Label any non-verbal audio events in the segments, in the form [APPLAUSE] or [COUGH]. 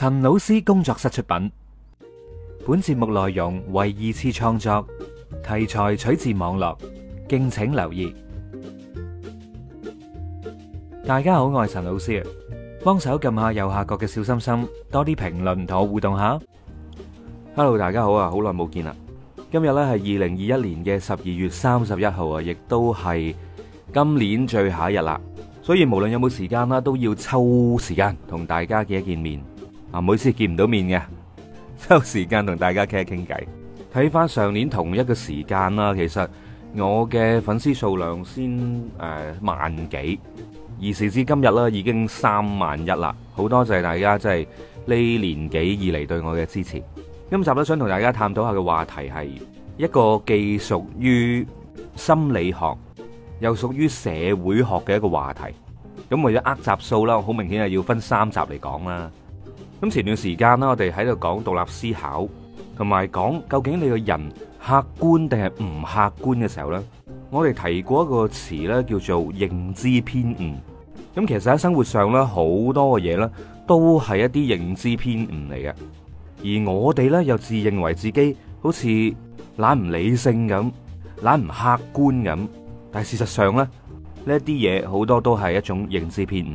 陳老師工作室出品，本節目內容為二次創作，題材取自網絡，敬請留意。大家好，我係陳老師，幫手撳下右下角嘅小心心，多啲評論同我互動下。Hello，大家好啊，好耐冇見啦。今日咧係二零二一年嘅十二月三十一號啊，亦都係今年最後一日啦。所以無論有冇時間啦，都要抽時間同大家見一見面。啊，每次見唔到面嘅，抽時間同大家傾一傾偈。睇翻上年同一個時間啦，其實我嘅粉絲數量先誒、呃、萬幾，而時至今日啦，已經三萬一啦。好多謝大家，即係呢年幾以嚟對我嘅支持。今集咧想同大家探討下嘅話題係一個既屬於心理學又屬於社會學嘅一個話題。咁為咗呃集數啦，我好明顯係要分三集嚟講啦。咁前段時間啦，我哋喺度講獨立思考，同埋講究竟你個人客觀定係唔客觀嘅時候咧，我哋提過一個詞咧，叫做認知偏誤。咁其實喺生活上咧，好多嘅嘢呢都係一啲認知偏誤嚟嘅，而我哋咧又自認為自己好似懶唔理性咁，懶唔客觀咁，但係事實上咧，呢啲嘢好多都係一種認知偏誤。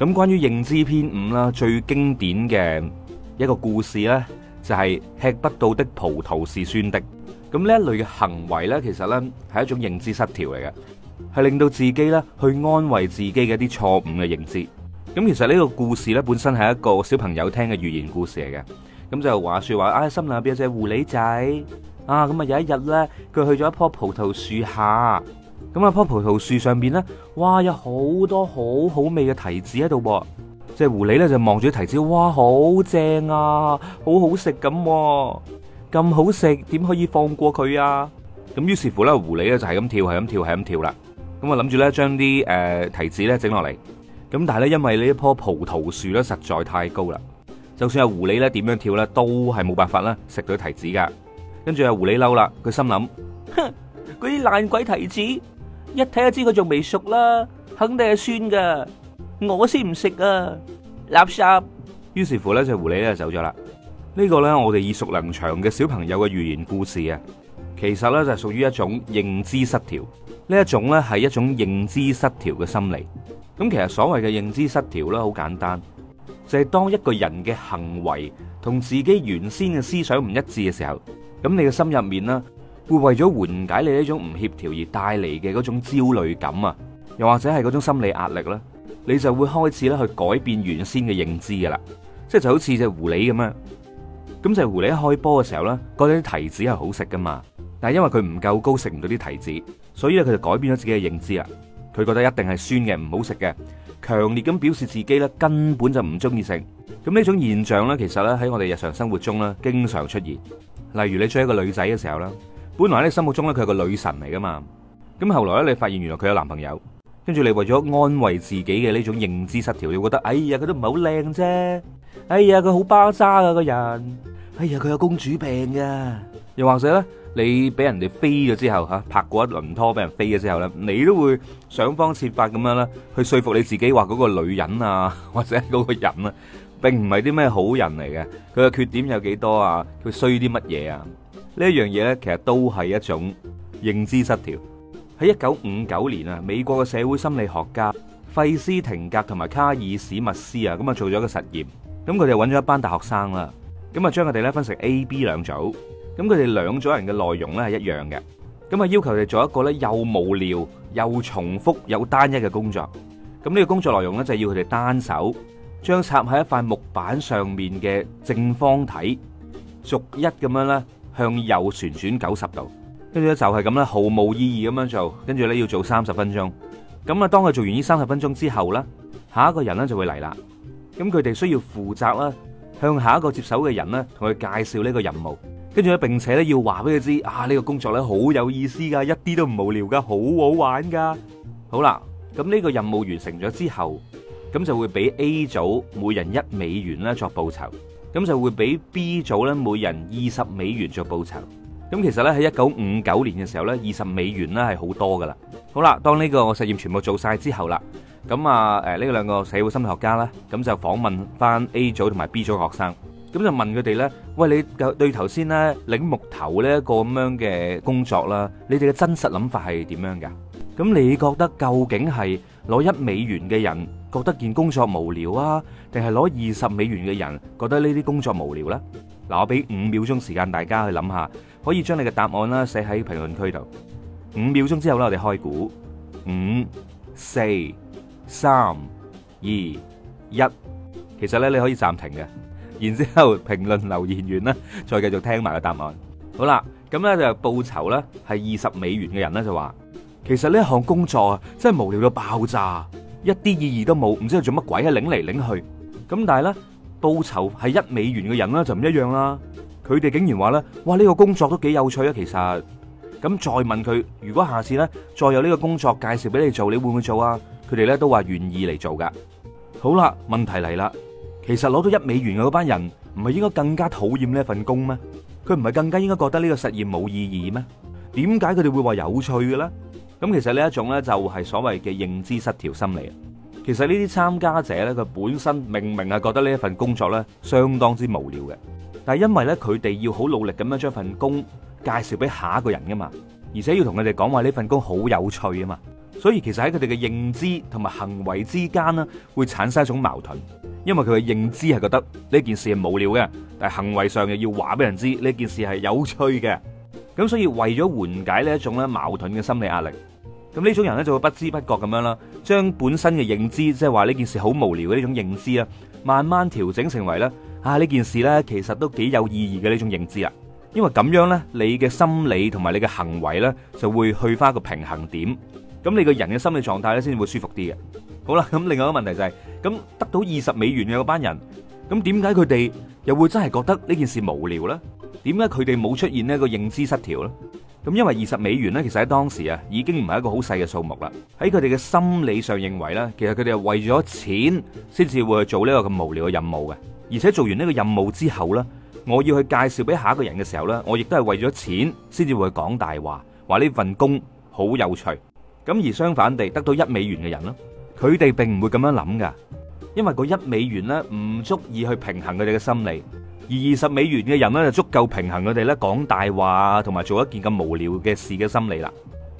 咁關於認知偏誤啦，最經典嘅一個故事咧，就係吃不到的葡萄是酸的。咁呢一類嘅行為咧，其實咧係一種認知失調嚟嘅，係令到自己咧去安慰自己嘅啲錯誤嘅認知。咁其實呢個故事咧本身係一個小朋友聽嘅寓言故事嚟嘅。咁就話說話，啊森林入邊有隻狐狸仔，啊咁啊有一日咧，佢去咗一棵葡萄樹下。咁啊，棵葡萄樹上邊咧，哇，有好多好好味嘅提子喺度噃！即係狐狸咧就望住提子，哇，好正啊，好好食咁，咁好食點可以放過佢啊？咁於是乎咧，狐狸咧就係咁跳，係咁跳，係咁跳啦。咁啊，諗住咧將啲誒提子咧整落嚟。咁但係咧，因為呢棵葡萄樹咧實在太高啦，就算係狐狸咧點樣跳咧，都係冇辦法啦食到提子噶。跟住係狐狸嬲啦，佢心諗，哼。 [LAUGHS] 嗰啲爛鬼提子，一睇就知佢仲未熟啦，肯定係酸噶，我先唔食啊，垃圾。於是乎呢隻狐狸咧就走咗啦。呢個咧，我哋耳熟能詳嘅小朋友嘅寓言故事啊，其實咧就係屬於一種認知失調呢一種咧係一種認知失調嘅心理。咁其實所謂嘅認知失調咧，好簡單，就係當一個人嘅行為同自己原先嘅思想唔一致嘅時候，咁你嘅心入面咧。會為咗緩解你呢種唔協調而帶嚟嘅嗰種焦慮感啊，又或者係嗰種心理壓力咧，你就會開始咧去改變原先嘅認知噶啦，即係就好似隻狐狸咁樣，咁就狐狸一開波嘅時候咧，嗰啲提子係好食噶嘛，但係因為佢唔夠高食唔到啲提子，所以咧佢就改變咗自己嘅認知啊，佢覺得一定係酸嘅唔好食嘅，強烈咁表示自己咧根本就唔中意食，咁呢種現象咧其實咧喺我哋日常生活中咧經常出現，例如你追一個女仔嘅時候啦。本來喺你心目中咧，佢係個女神嚟噶嘛，咁後來咧，你發現原來佢有男朋友，跟住你為咗安慰自己嘅呢種認知失調，你會覺得哎呀，佢都唔係好靚啫，哎呀，佢好巴渣啊個人，哎呀，佢有公主病噶，又或者咧，你俾人哋飛咗之後吓，拍過一輪拖俾人飛咗之後咧，你都會想方設法咁樣啦，去說服你自己話嗰個女人啊，或者嗰個人啊，並唔係啲咩好人嚟嘅，佢嘅缺點有幾多啊，佢衰啲乜嘢啊？呢一樣嘢咧，其實都係一種認知失調。喺一九五九年啊，美國嘅社會心理學家費斯廷格同埋卡爾史密斯啊，咁啊做咗一個實驗。咁佢哋揾咗一班大學生啦，咁啊將佢哋咧分成 A、B 兩組。咁佢哋兩組人嘅內容咧係一樣嘅。咁啊要求佢哋做一個咧又無聊又重複又單一嘅工作。咁呢個工作內容咧就係要佢哋單手將插喺一塊木板上面嘅正方體逐一咁樣咧。向右旋轉九十度，跟住咧就係咁啦，毫無意義咁樣做，跟住咧要做三十分鐘。咁啊，當佢做完呢三十分鐘之後咧，下一個人咧就會嚟啦。咁佢哋需要負責啦，向下一個接手嘅人咧，同佢介紹呢個任務，跟住咧並且咧要話俾佢知啊，呢個工作咧好有意思噶，一啲都唔無聊噶，好好玩噶。好啦，咁呢個任務完成咗之後，咁就會俾 A 組每人一美元呢作報酬。咁就會俾 B 組咧每人二十美元做報酬。咁其實咧喺一九五九年嘅時候咧，二十美元咧係好多噶啦。好啦，當呢個實驗全部做晒之後啦，咁啊誒呢個兩個社會心理學家啦，咁就訪問翻 A 組同埋 B 組學生，咁就問佢哋咧：喂，你對頭先咧領木頭呢一個咁樣嘅工作啦，你哋嘅真實諗法係點樣㗎？咁你覺得究竟係攞一美元嘅人覺得件工作無聊啊？定係攞二十美元嘅人覺得呢啲工作無聊咧？嗱，我俾五秒鐘時間大家去諗下，可以將你嘅答案啦寫喺評論區度。五秒鐘之後咧，我哋開估，五、四、三、二、一。其實咧，你可以暫停嘅，然之後評論留言完啦，再繼續聽埋個答案。好啦，咁咧就報酬咧係二十美元嘅人咧就話，其實呢一項工作啊真係無聊到爆炸。一啲意義都冇，唔知佢做乜鬼啊，擰嚟擰去。咁但係咧，報酬係一美元嘅人咧就唔一樣啦。佢哋竟然話咧，哇呢個工作都幾有趣啊，其實。咁再問佢，如果下次咧再有呢個工作介紹俾你做，你會唔會做啊？佢哋咧都話願意嚟做噶。好啦，問題嚟啦。其實攞到一美元嘅嗰班人，唔係應該更加討厭呢一份工咩？佢唔係更加應該覺得呢個實驗冇意義咩？點解佢哋會話有趣嘅咧？咁其實呢一種呢，就係所謂嘅認知失調心理。其實呢啲參加者呢，佢本身明明係覺得呢一份工作呢相當之無聊嘅，但係因為呢，佢哋要好努力咁樣將份工介紹俾下一個人噶嘛，而且要同佢哋講話呢份工好有趣啊嘛，所以其實喺佢哋嘅認知同埋行為之間呢，會產生一種矛盾，因為佢嘅認知係覺得呢件事係無聊嘅，但係行為上又要話俾人知呢件事係有趣嘅。咁所以為咗緩解呢一種咧矛盾嘅心理壓力，咁呢種人咧就會不知不覺咁樣啦，將本身嘅認知，即係話呢件事好無聊嘅呢種認知啊，慢慢調整成為咧啊呢件事咧其實都幾有意義嘅呢種認知啊。因為咁樣咧，你嘅心理同埋你嘅行為咧就會去翻一個平衡點，咁你個人嘅心理狀態咧先會舒服啲嘅。好啦，咁另外一個問題就係，咁得到二十美元嘅嗰班人，咁點解佢哋又會真係覺得呢件事無聊咧？點解佢哋冇出現呢個認知失調咧？咁因為二十美元咧，其實喺當時啊，已經唔係一個好細嘅數目啦。喺佢哋嘅心理上認為咧，其實佢哋係為咗錢先至會去做呢個咁無聊嘅任務嘅。而且做完呢個任務之後咧，我要去介紹俾下一個人嘅時候咧，我亦都係為咗錢先至會講大話，話呢份工好有趣。咁而相反地，得到一美元嘅人咧，佢哋並唔會咁樣諗噶，因為嗰一美元咧唔足以去平衡佢哋嘅心理。而二十美元嘅人咧，就足夠平衡佢哋咧講大話同埋做一件咁無聊嘅事嘅心理啦。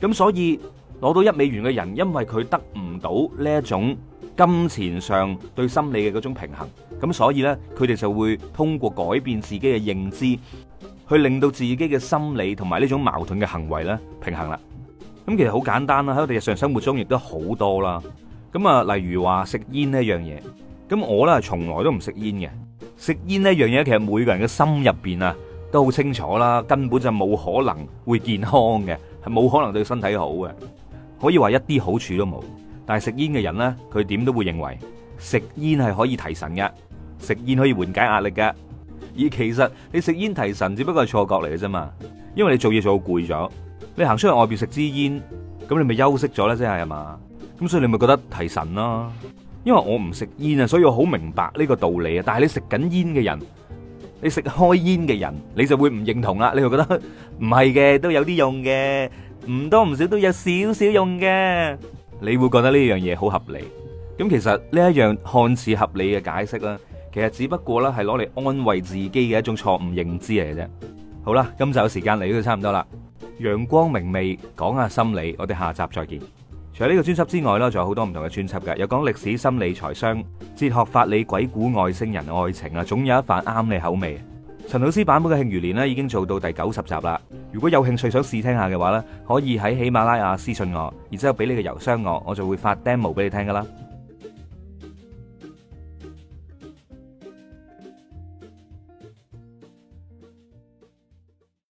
咁所以攞到一美元嘅人，因為佢得唔到呢一種金錢上對心理嘅嗰種平衡，咁所以呢，佢哋就會通過改變自己嘅認知，去令到自己嘅心理同埋呢種矛盾嘅行為咧平衡啦。咁其實好簡單啦，喺我哋日常生活中亦都好多啦。咁啊，例如話食煙呢一樣嘢，咁我呢，從來都唔食煙嘅。食煙呢樣嘢，其實每個人嘅心入邊啊，都好清楚啦，根本就冇可能會健康嘅，係冇可能對身體好嘅，可以話一啲好處都冇。但係食煙嘅人呢，佢點都會認為食煙係可以提神嘅，食煙可以緩解壓力嘅。而其實你食煙提神，只不過係錯覺嚟嘅啫嘛，因為你做嘢做到攰咗，你行出去外邊食支煙，咁你咪休息咗咧，即係係嘛，咁所以你咪覺得提神咯。因為我唔食煙啊，所以我好明白呢個道理啊。但係你食緊煙嘅人，你食開煙嘅人，你就會唔認同啦。你會覺得唔係嘅，都有啲用嘅，唔多唔少都有少少用嘅。你會覺得呢樣嘢好合理。咁其實呢一樣看似合理嘅解釋啦，其實只不過咧係攞嚟安慰自己嘅一種錯誤認知嚟啫。好啦，今集嘅時間嚟到差唔多啦。陽光明媚，講下心理，我哋下集再見。除咗呢個專輯之外咧，仲有好多唔同嘅專輯嘅，有講歷史、心理、財商、哲學、法理、鬼故、外星人、愛情啊，總有一份啱你口味。陳老師版本嘅《慶餘年》咧已經做到第九十集啦，如果有興趣想試聽一下嘅話咧，可以喺喜馬拉雅私信我，然之後俾你嘅郵箱我，我就會發 demo 俾你聽噶啦。